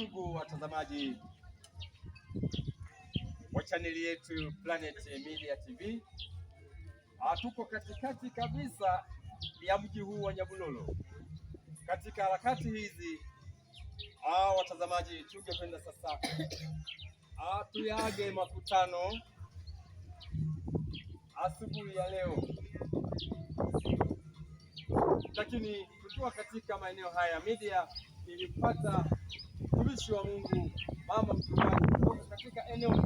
Ndugu watazamaji wa chaneli yetu Planet Media TV, ah, tuko katikati kabisa ya mji huu wa Nyabulolo. Katika harakati hizi ah, watazamaji, tungependa sasa ah, tuyage makutano asubuhi ya leo, lakini tukiwa katika maeneo haya media nilipata mtumishi wa Mungu, mama mchungaji katika eneo kwa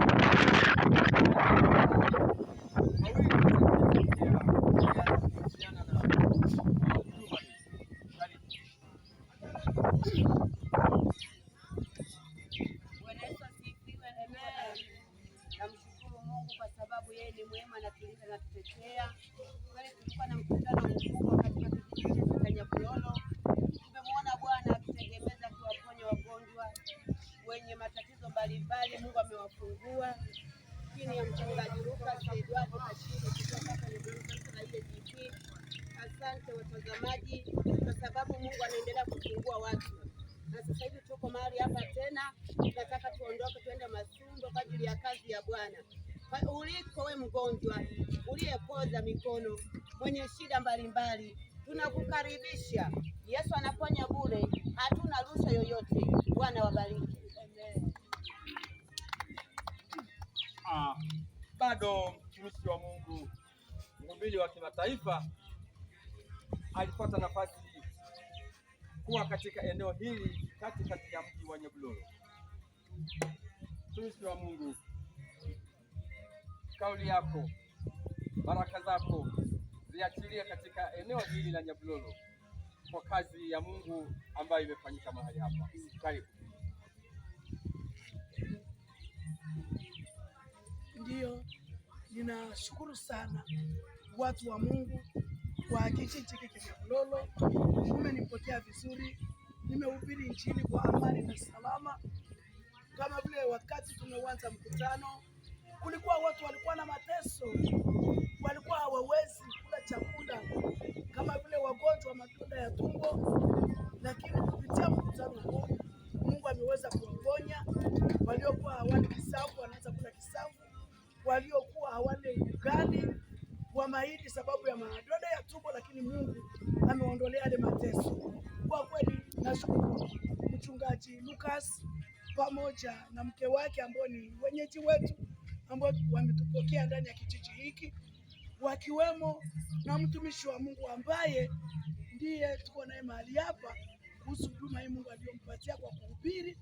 sababu yeye ni mwema na na kutetea. Tulikuwa na mkutano mkubwa katika kijiji cha Kanyakololo mbalimbali Mungu amewafungua chini ya mchungaji Lucas Edward Kashiri kutoka kwenye GP. Asante watazamaji, kwa sababu Mungu anaendelea kufungua watu, na sasa hivi tuko mahali hapa tena, tunataka tuondoke tuende Masundo kwa ajili ya kazi ya Bwana. Uliko we mgonjwa, uliyepoza mikono, mwenye shida mbalimbali, tunakukaribisha. Yesu anaponya bure, hatuna rusha yoyote. Bwana wabariki. bado mtumishi wa Mungu, mhubiri wa kimataifa, alipata nafasi kuwa katika eneo hili katikati ya mji wa nyabloro Mtumishi wa Mungu, kauli yako, baraka zako ziachilie katika eneo hili la nyabloro kwa kazi ya Mungu ambayo imefanyika mahali hapa. Karibu. Ninashukuru sana watu wa Mungu kwa kijiji hiki cha Bulolo, umenipokea vizuri. Nimehubiri injili kwa amani na salama. Kama vile wakati tumeanza mkutano, kulikuwa watu walikuwa na mateso maiti sababu ya madonda ya tumbo, lakini Mungu ameondolea yale mateso. Kwa kweli nashukuru mchungaji Lucas pamoja na mke wake ambao ni wenyeji wetu ambao wametupokea ndani ya kijiji hiki, wakiwemo na mtumishi wa Mungu ambaye ndiye tuko naye mahali hapa kuhusu huduma hii Mungu aliyompatia kwa kuhubiri